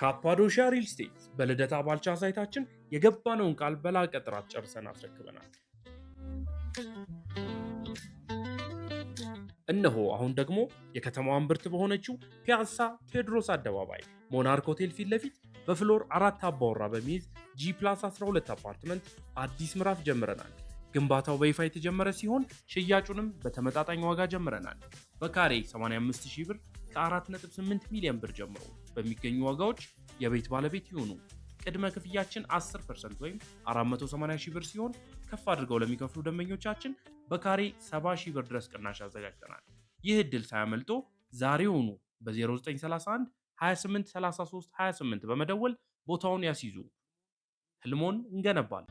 ካፓዶሺያ ሪል ስቴት በልደታ ባልቻ ሳይታችን የገባነውን ቃል በላቀ ጥራት ጨርሰን አስረክበናል። እነሆ አሁን ደግሞ የከተማዋን ብርት በሆነችው ፒያሳ ቴዎድሮስ አደባባይ ሞናርክ ሆቴል ፊት ለፊት በፍሎር አራት አባወራ በሚይዝ ጂ ፕላስ 12 አፓርትመንት አዲስ ምዕራፍ ጀምረናል። ግንባታው በይፋ የተጀመረ ሲሆን ሽያጩንም በተመጣጣኝ ዋጋ ጀምረናል። በካሬ 85000 ብር ከ4.8 ሚሊዮን ብር ጀምሮ በሚገኙ ዋጋዎች የቤት ባለቤት ይሁኑ። ቅድመ ክፍያችን 10% ወይም 480000 ብር ሲሆን ከፍ አድርገው ለሚከፍሉ ደንበኞቻችን በካሬ 70000 ብር ድረስ ቅናሽ አዘጋጅተናል። ይህ እድል ሳያመልጦ ዛሬውኑ በ0931 2833 28 በመደወል ቦታውን ያስይዙ። ህልሞን እንገነባለን።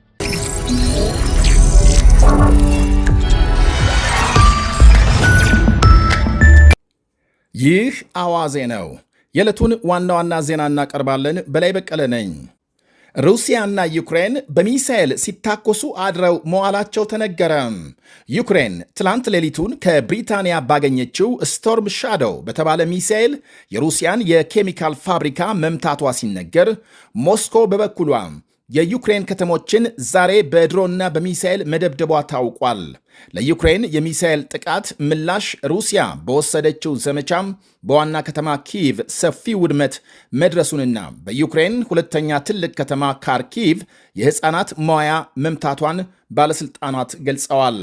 ይህ አዋዜ ነው። የዕለቱን ዋና ዋና ዜና እናቀርባለን። በላይ በቀለ ነኝ። ሩሲያና ዩክሬን በሚሳኤል ሲታኮሱ አድረው መዋላቸው ተነገረ። ዩክሬን ትላንት ሌሊቱን ከብሪታንያ ባገኘችው ስቶርም ሻዶው በተባለ ሚሳኤል የሩሲያን የኬሚካል ፋብሪካ መምታቷ ሲነገር፣ ሞስኮ በበኩሏ የዩክሬን ከተሞችን ዛሬ በድሮና በሚሳኤል መደብደቧ ታውቋል። ለዩክሬን የሚሳኤል ጥቃት ምላሽ ሩሲያ በወሰደችው ዘመቻም በዋና ከተማ ኪቭ ሰፊ ውድመት መድረሱንና በዩክሬን ሁለተኛ ትልቅ ከተማ ካርኪቭ የሕፃናት መዋያ መምታቷን ባለሥልጣናት ገልጸዋል።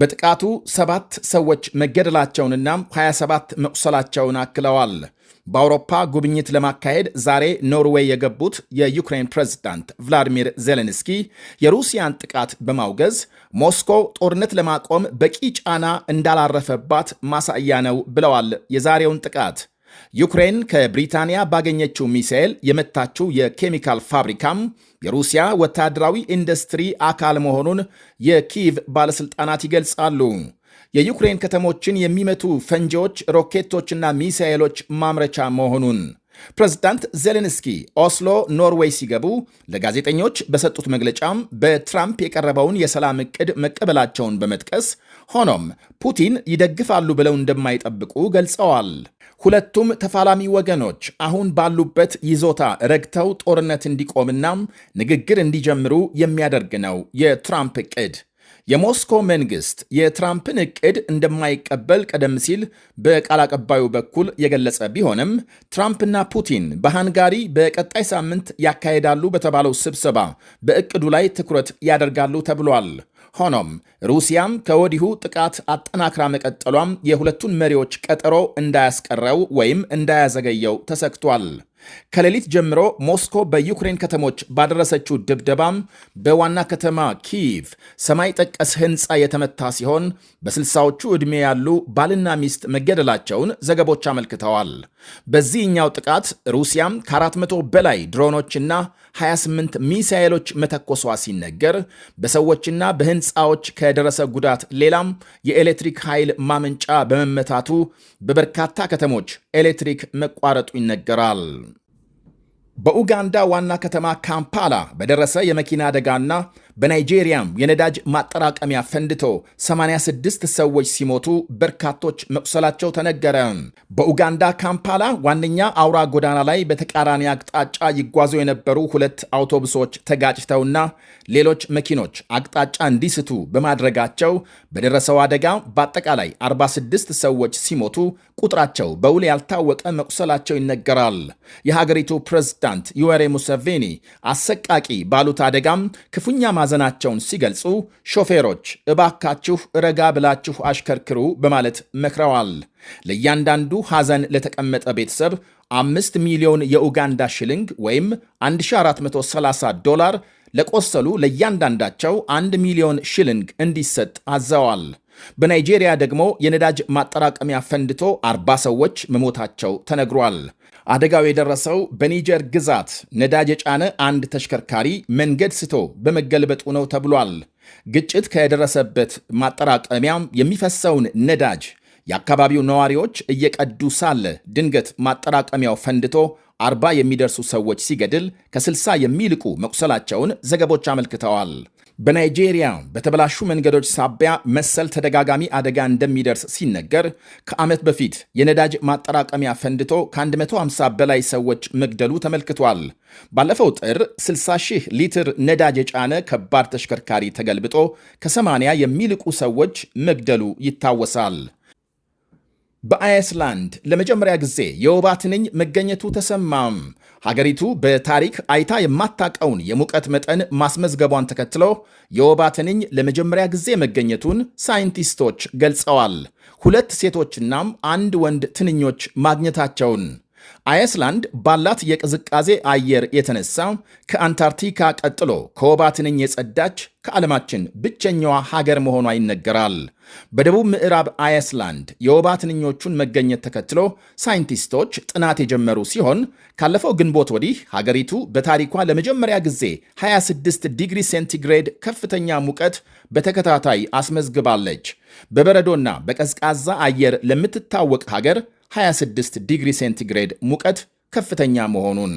በጥቃቱ ሰባት ሰዎች መገደላቸውንና 27 መቁሰላቸውን አክለዋል። በአውሮፓ ጉብኝት ለማካሄድ ዛሬ ኖርዌይ የገቡት የዩክሬን ፕሬዝዳንት ቭላዲሚር ዜሌንስኪ የሩሲያን ጥቃት በማውገዝ ሞስኮ ጦርነት ለማቆም በቂ ጫና እንዳላረፈባት ማሳያ ነው ብለዋል። የዛሬውን ጥቃት ዩክሬን ከብሪታንያ ባገኘችው ሚሳኤል የመታችው የኬሚካል ፋብሪካም የሩሲያ ወታደራዊ ኢንዱስትሪ አካል መሆኑን የኪቭ ባለሥልጣናት ይገልጻሉ። የዩክሬን ከተሞችን የሚመቱ ፈንጂዎች፣ ሮኬቶችና ሚሳኤሎች ማምረቻ መሆኑን ፕሬዝዳንት ዜሌንስኪ ኦስሎ ኖርዌይ ሲገቡ ለጋዜጠኞች በሰጡት መግለጫም በትራምፕ የቀረበውን የሰላም ዕቅድ መቀበላቸውን በመጥቀስ ሆኖም ፑቲን ይደግፋሉ ብለው እንደማይጠብቁ ገልጸዋል። ሁለቱም ተፋላሚ ወገኖች አሁን ባሉበት ይዞታ ረግተው ጦርነት እንዲቆምና ንግግር እንዲጀምሩ የሚያደርግ ነው የትራምፕ ዕቅድ። የሞስኮ መንግስት የትራምፕን እቅድ እንደማይቀበል ቀደም ሲል በቃል አቀባዩ በኩል የገለጸ ቢሆንም ትራምፕና ፑቲን በሃንጋሪ በቀጣይ ሳምንት ያካሄዳሉ በተባለው ስብሰባ በእቅዱ ላይ ትኩረት ያደርጋሉ ተብሏል። ሆኖም ሩሲያም ከወዲሁ ጥቃት አጠናክራ መቀጠሏም የሁለቱን መሪዎች ቀጠሮ እንዳያስቀረው ወይም እንዳያዘገየው ተሰግቷል። ከሌሊት ጀምሮ ሞስኮ በዩክሬን ከተሞች ባደረሰችው ድብደባም በዋና ከተማ ኪይቭ ሰማይ ጠቀስ ሕንፃ የተመታ ሲሆን በስልሳዎቹ ዕድሜ ያሉ ባልና ሚስት መገደላቸውን ዘገቦች አመልክተዋል። በዚህኛው ጥቃት ሩሲያም ከ400 በላይ ድሮኖችና 28 ሚሳኤሎች መተኮሷ ሲነገር በሰዎችና በሕንፃዎች ከደረሰ ጉዳት ሌላም የኤሌክትሪክ ኃይል ማመንጫ በመመታቱ በበርካታ ከተሞች ኤሌክትሪክ መቋረጡ ይነገራል። በኡጋንዳ ዋና ከተማ ካምፓላ በደረሰ የመኪና አደጋና በናይጄሪያም የነዳጅ ማጠራቀሚያ ፈንድቶ 86 ሰዎች ሲሞቱ በርካቶች መቁሰላቸው ተነገረ። በኡጋንዳ ካምፓላ ዋነኛ አውራ ጎዳና ላይ በተቃራኒ አቅጣጫ ይጓዙ የነበሩ ሁለት አውቶቡሶች ተጋጭተውና ሌሎች መኪኖች አቅጣጫ እንዲስቱ በማድረጋቸው በደረሰው አደጋ በአጠቃላይ 46 ሰዎች ሲሞቱ ቁጥራቸው በውል ያልታወቀ መቁሰላቸው ይነገራል። የሀገሪቱ ፕሬዝዳንት ዩዌሬ ሙሰቬኒ አሰቃቂ ባሉት አደጋም ክፉኛ ሐዘናቸውን ሲገልጹ ሾፌሮች እባካችሁ ረጋ ብላችሁ አሽከርክሩ በማለት መክረዋል። ለእያንዳንዱ ሐዘን ለተቀመጠ ቤተሰብ አምስት ሚሊዮን የኡጋንዳ ሽልንግ ወይም 1430 ዶላር፣ ለቆሰሉ ለእያንዳንዳቸው አንድ ሚሊዮን ሽልንግ እንዲሰጥ አዘዋል። በናይጄሪያ ደግሞ የነዳጅ ማጠራቀሚያ ፈንድቶ 40 ሰዎች መሞታቸው ተነግሯል። አደጋው የደረሰው በኒጀር ግዛት ነዳጅ የጫነ አንድ ተሽከርካሪ መንገድ ስቶ በመገልበጡ ነው ተብሏል። ግጭት ከደረሰበት ማጠራቀሚያም የሚፈሰውን ነዳጅ የአካባቢው ነዋሪዎች እየቀዱ ሳለ ድንገት ማጠራቀሚያው ፈንድቶ 40 የሚደርሱ ሰዎች ሲገድል ከ60 የሚልቁ መቁሰላቸውን ዘገቦች አመልክተዋል። በናይጄሪያ በተበላሹ መንገዶች ሳቢያ መሰል ተደጋጋሚ አደጋ እንደሚደርስ ሲነገር ከዓመት በፊት የነዳጅ ማጠራቀሚያ ፈንድቶ ከ150 በላይ ሰዎች መግደሉ ተመልክቷል። ባለፈው ጥር 60 ሺህ ሊትር ነዳጅ የጫነ ከባድ ተሽከርካሪ ተገልብጦ ከ80 የሚልቁ ሰዎች መግደሉ ይታወሳል። በአይስላንድ ለመጀመሪያ ጊዜ የወባ ትንኝ መገኘቱ ተሰማም። ሀገሪቱ በታሪክ አይታ የማታቀውን የሙቀት መጠን ማስመዝገቧን ተከትሎ የወባ ትንኝ ለመጀመሪያ ጊዜ መገኘቱን ሳይንቲስቶች ገልጸዋል። ሁለት ሴቶችናም አንድ ወንድ ትንኞች ማግኘታቸውን አይስላንድ ባላት የቅዝቃዜ አየር የተነሳ ከአንታርክቲካ ቀጥሎ ከወባትንኝ የጸዳች ከዓለማችን ብቸኛዋ ሀገር መሆኗ ይነገራል። በደቡብ ምዕራብ አይስላንድ የወባ ትንኞቹን መገኘት ተከትሎ ሳይንቲስቶች ጥናት የጀመሩ ሲሆን ካለፈው ግንቦት ወዲህ ሀገሪቱ በታሪኳ ለመጀመሪያ ጊዜ 26 ዲግሪ ሴንቲግሬድ ከፍተኛ ሙቀት በተከታታይ አስመዝግባለች። በበረዶና በቀዝቃዛ አየር ለምትታወቅ ሀገር 26 ዲግሪ ሴንቲግሬድ ሙቀት ከፍተኛ መሆኑን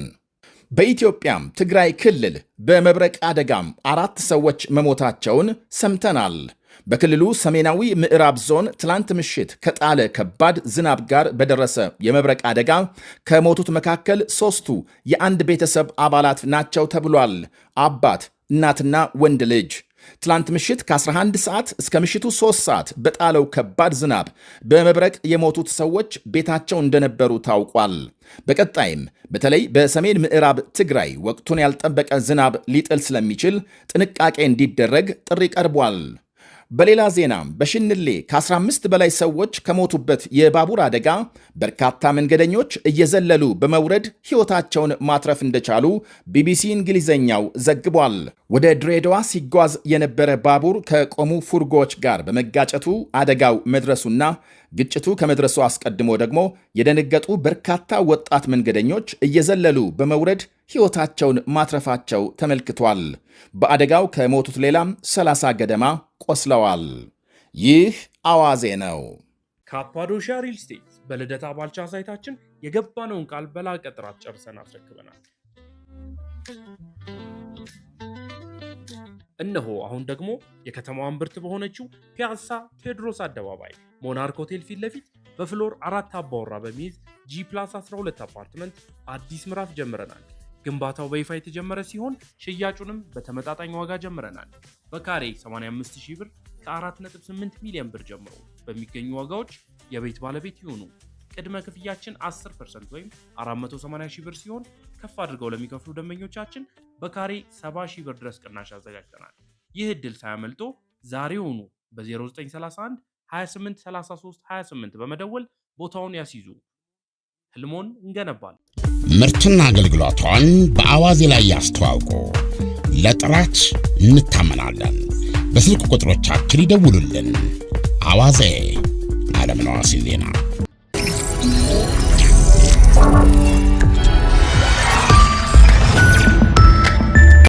በኢትዮጵያም ትግራይ ክልል በመብረቅ አደጋም አራት ሰዎች መሞታቸውን ሰምተናል። በክልሉ ሰሜናዊ ምዕራብ ዞን ትላንት ምሽት ከጣለ ከባድ ዝናብ ጋር በደረሰ የመብረቅ አደጋ ከሞቱት መካከል ሦስቱ የአንድ ቤተሰብ አባላት ናቸው ተብሏል። አባት፣ እናትና ወንድ ልጅ ትላንት ምሽት ከ11 ሰዓት እስከ ምሽቱ 3 ሰዓት በጣለው ከባድ ዝናብ በመብረቅ የሞቱት ሰዎች ቤታቸው እንደነበሩ ታውቋል። በቀጣይም በተለይ በሰሜን ምዕራብ ትግራይ ወቅቱን ያልጠበቀ ዝናብ ሊጥል ስለሚችል ጥንቃቄ እንዲደረግ ጥሪ ቀርቧል። በሌላ ዜና በሽንሌ ከ15 በላይ ሰዎች ከሞቱበት የባቡር አደጋ በርካታ መንገደኞች እየዘለሉ በመውረድ ሕይወታቸውን ማትረፍ እንደቻሉ ቢቢሲ እንግሊዝኛው ዘግቧል። ወደ ድሬዳዋ ሲጓዝ የነበረ ባቡር ከቆሙ ፉርጎዎች ጋር በመጋጨቱ አደጋው መድረሱና ግጭቱ ከመድረሱ አስቀድሞ ደግሞ የደነገጡ በርካታ ወጣት መንገደኞች እየዘለሉ በመውረድ ሕይወታቸውን ማትረፋቸው ተመልክቷል። በአደጋው ከሞቱት ሌላም 30 ገደማ ቆስለዋል። ይህ አዋዜ ነው። ካፓዶሺያ ሪል ስቴት በልደታ ባልቻ ሳይታችን የገባነውን ቃል በላቀ ጥራት ጨርሰን አስረክበናል። እነሆ አሁን ደግሞ የከተማዋን ብርት በሆነችው ፒያሳ ቴዎድሮስ አደባባይ ሞናርክ ሆቴል ፊት ለፊት በፍሎር አራት አባወራ በሚይዝ ጂ ፕላስ 12 አፓርትመንት አዲስ ምዕራፍ ጀምረናል። ግንባታው በይፋ የተጀመረ ሲሆን ሽያጩንም በተመጣጣኝ ዋጋ ጀምረናል። በካሬ 85 ብር ከ4.8 ሚሊዮን ብር ጀምሮ በሚገኙ ዋጋዎች የቤት ባለቤት ይሁኑ። ቅድመ ክፍያችን 10% ወይም 480 ሺህ ብር ሲሆን ከፍ አድርገው ለሚከፍሉ ደንበኞቻችን በካሬ 70 ሺህ ብር ድረስ ቅናሽ አዘጋጅተናል። ይህ እድል ሳያመልጦ ዛሬውኑ በ0931 28 በመደወል ቦታውን ያስይዙ። ህልሞን እንገነባል። ምርትና አገልግሎቷን በአዋዜ ላይ ያስተዋውቁ። ለጥራች እንታመናለን። በስልክ ቁጥሮቻችን ይደውሉልን። አዋዜ አለምነህ ዋሴ ዜና